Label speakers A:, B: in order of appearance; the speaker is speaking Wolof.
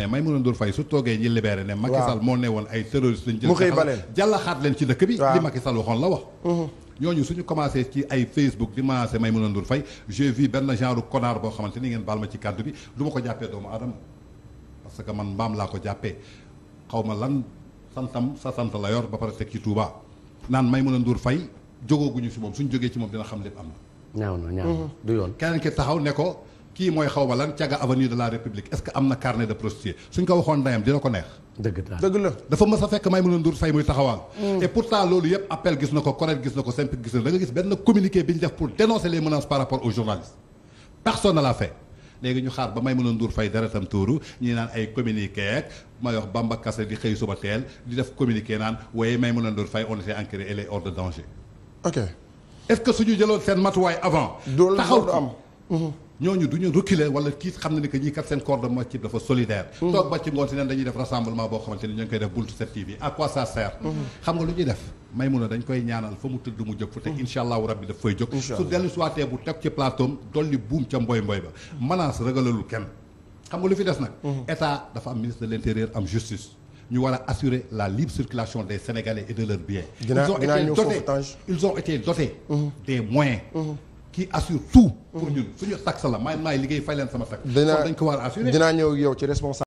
A: mais Maimouna Ndour Faye su toogee ñi libéré ne Macky Sall moo ne woon ay terroriste lañ jël jàllaxaat leen ci dëkk bi li Macky Sall waxoon la wax mhm. ñooñu suñu commencé ci ay Facebook di menacé Maimouna Ndour Faye j'ai vu benn genre ni ngeen baal ma ci kàddu bi du ma ko jàppee doomu aadama parce que man mbaam laa ko jàppee xaw ma lan santam sa sant la yor ba pare teg ci Touba naan Maimouna Ndour Faye jógooguñu si moom suñ jógee ci moom dina xam lépp am na ñaaw na ñaaw mhm. du yoon ne ko kii mooy xaw ma lan caga avenue de la république est-ce que am na carnet de prostituée suñ ko waxoon ndeyam dina ko neex. dëgg dafa mës a fekk Maïmouna Ndour Faye muy mm. ñu def pour dénoncer les menaces par rapport aux journalistes personne l'a fait. léegi ñu xaar ba Maïmouna Ndour Faye dara tam tuuru ñi naan ay communiqué ak may wax Bamba Kassé di xëy suba teel di def communiqué naan waaye Maïmouna Ndour Faye on était enquêté elle est hors de danger. ok est-ce que ñooñu du ñu reculer wala kii xam na ni que ñii kat seen corps de métier dafa solidaire mm. toog ba ci ngoon si neen dañuy def rassemblement boo xamante ni ñu koy def buntu 7TV quoi ça sert mm-hmm. xam nga lu ñuy def may mun a dañ koy ñaanal fa mu tëdd mu jóg fu te mm-hmm. insha allahu rabbi daf fay jóg su dellu suwaatee bu teg ci plateau dolli buum ca mboy mboy ba mm-hmm. menace ragalalul kenn xam nga lu fi des nag état dafa am ministre l'intérieur am justice la qui assure tout. pour ñun suñu la maay maay liggéey fay leen sama taxe. dañ a ci responsable.